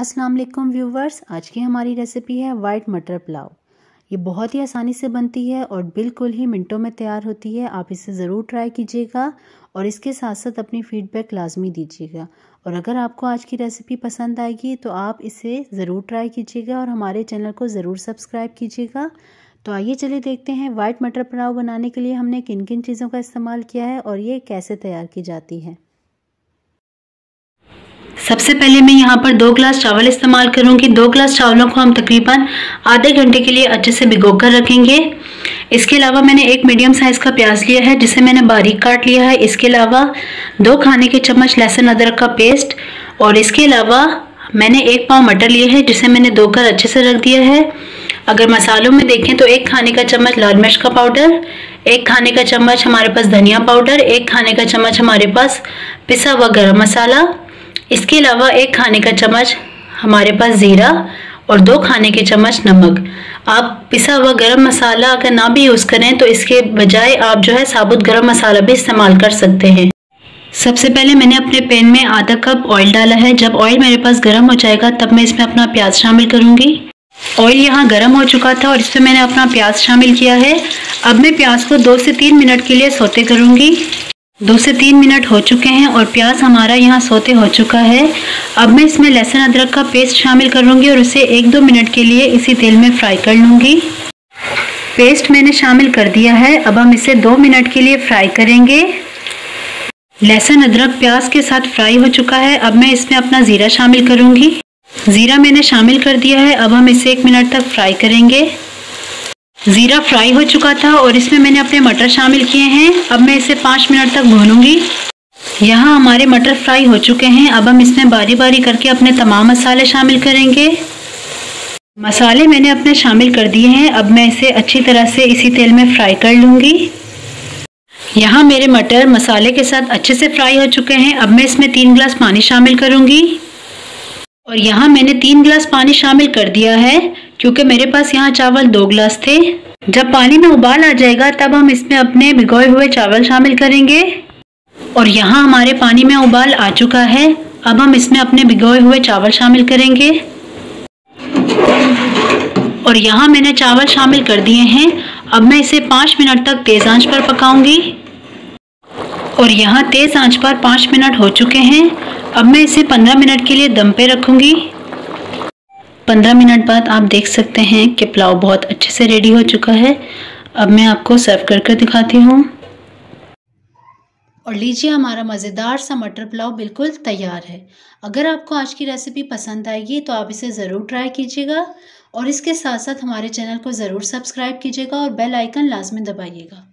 अस्सलाम वालेकुम व्यूवर्स आज की हमारी रेसिपी है वाइट मटर पुलाव ये बहुत ही आसानी से बनती है और बिल्कुल ही मिनटों में तैयार होती है आप इसे ज़रूर ट्राई कीजिएगा और इसके साथ साथ अपनी फ़ीडबैक लाजमी दीजिएगा और अगर आपको आज की रेसिपी पसंद आएगी तो आप इसे ज़रूर ट्राई कीजिएगा और हमारे चैनल को ज़रूर सब्सक्राइब कीजिएगा तो आइए चलिए देखते हैं वाइट मटर पुलाव बनाने के लिए हमने किन किन चीज़ों का इस्तेमाल किया है और ये कैसे तैयार की जाती है सबसे पहले मैं यहाँ पर दो ग्लास चावल इस्तेमाल करूँगी दो ग्लास चावलों को हम तकरीबन आधे घंटे के लिए अच्छे से भिगो कर रखेंगे इसके अलावा मैंने एक मीडियम साइज़ का प्याज लिया है जिसे मैंने बारीक काट लिया है इसके अलावा दो खाने के चम्मच लहसुन अदरक का पेस्ट और इसके अलावा मैंने एक पाव मटर लिए है जिसे मैंने धोकर अच्छे से रख दिया है अगर मसालों में देखें तो एक खाने का चम्मच लाल मिर्च का पाउडर एक खाने का चम्मच हमारे पास धनिया पाउडर एक खाने का चम्मच हमारे पास पिसा हुआ गरम मसाला इसके अलावा एक खाने का चम्मच हमारे पास ज़ीरा और दो खाने के चम्मच नमक आप पिसा हुआ गरम मसाला अगर ना भी यूज़ करें तो इसके बजाय आप जो है साबुत गरम मसाला भी इस्तेमाल कर सकते हैं सबसे पहले मैंने अपने पैन में आधा कप ऑयल डाला है जब ऑयल मेरे पास गर्म हो जाएगा तब मैं इसमें अपना प्याज शामिल करूँगी ऑयल यहाँ गर्म हो चुका था और इसमें मैंने अपना प्याज शामिल किया है अब मैं प्याज को दो से तीन मिनट के लिए सोते करूँगी दो से तीन मिनट हो चुके हैं और प्याज हमारा यहाँ सोते हो चुका है अब मैं इसमें लहसुन अदरक का पेस्ट शामिल करूँगी और उसे एक दो मिनट के लिए इसी तेल में फ्राई कर लूँगी पेस्ट मैंने शामिल कर दिया है अब हम इसे दो मिनट के लिए फ्राई करेंगे लहसुन अदरक प्याज के साथ फ्राई हो चुका है अब मैं इसमें अपना ज़ीरा शामिल करूँगी ज़ीरा मैंने शामिल कर दिया है अब हम इसे एक मिनट तक फ्राई करेंगे ज़ीरा फ्राई हो चुका था और इसमें मैंने अपने मटर शामिल किए हैं अब मैं इसे पाँच मिनट तक भूनूंगी यहाँ हमारे मटर फ्राई हो चुके हैं अब हम इसमें बारी बारी करके अपने तमाम मसाले शामिल करेंगे मसाले मैंने अपने शामिल कर दिए हैं अब मैं इसे अच्छी तरह से इसी तेल में फ्राई कर लूँगी यहाँ मेरे मटर मसाले के साथ अच्छे से फ्राई हो चुके हैं अब मैं इसमें तीन गिलास पानी शामिल करूँगी और यहाँ मैंने तीन गिलास पानी शामिल कर दिया है क्योंकि मेरे पास यहाँ चावल दो गिलास थे जब पानी में उबाल आ जाएगा तब हम इसमें अपने भिगोए हुए चावल शामिल करेंगे और यहाँ हमारे पानी में उबाल आ चुका है अब हम इसमें अपने भिगोए हुए चावल शामिल करेंगे और यहाँ मैंने चावल शामिल कर दिए हैं अब मैं इसे पाँच मिनट तक तेज़ आंच पर पकाऊंगी और यहाँ तेज़ आंच पर पाँच मिनट हो चुके हैं अब मैं इसे पंद्रह मिनट के लिए दम पे रखूंगी 15 मिनट बाद आप देख सकते हैं कि पुलाव बहुत अच्छे से रेडी हो चुका है अब मैं आपको सर्व कर कर दिखाती हूँ और लीजिए हमारा मज़ेदार सा मटर पुलाव बिल्कुल तैयार है अगर आपको आज की रेसिपी पसंद आएगी तो आप इसे ज़रूर ट्राई कीजिएगा और इसके साथ साथ हमारे चैनल को ज़रूर सब्सक्राइब कीजिएगा और बेल आइकन लाजमी दबाइएगा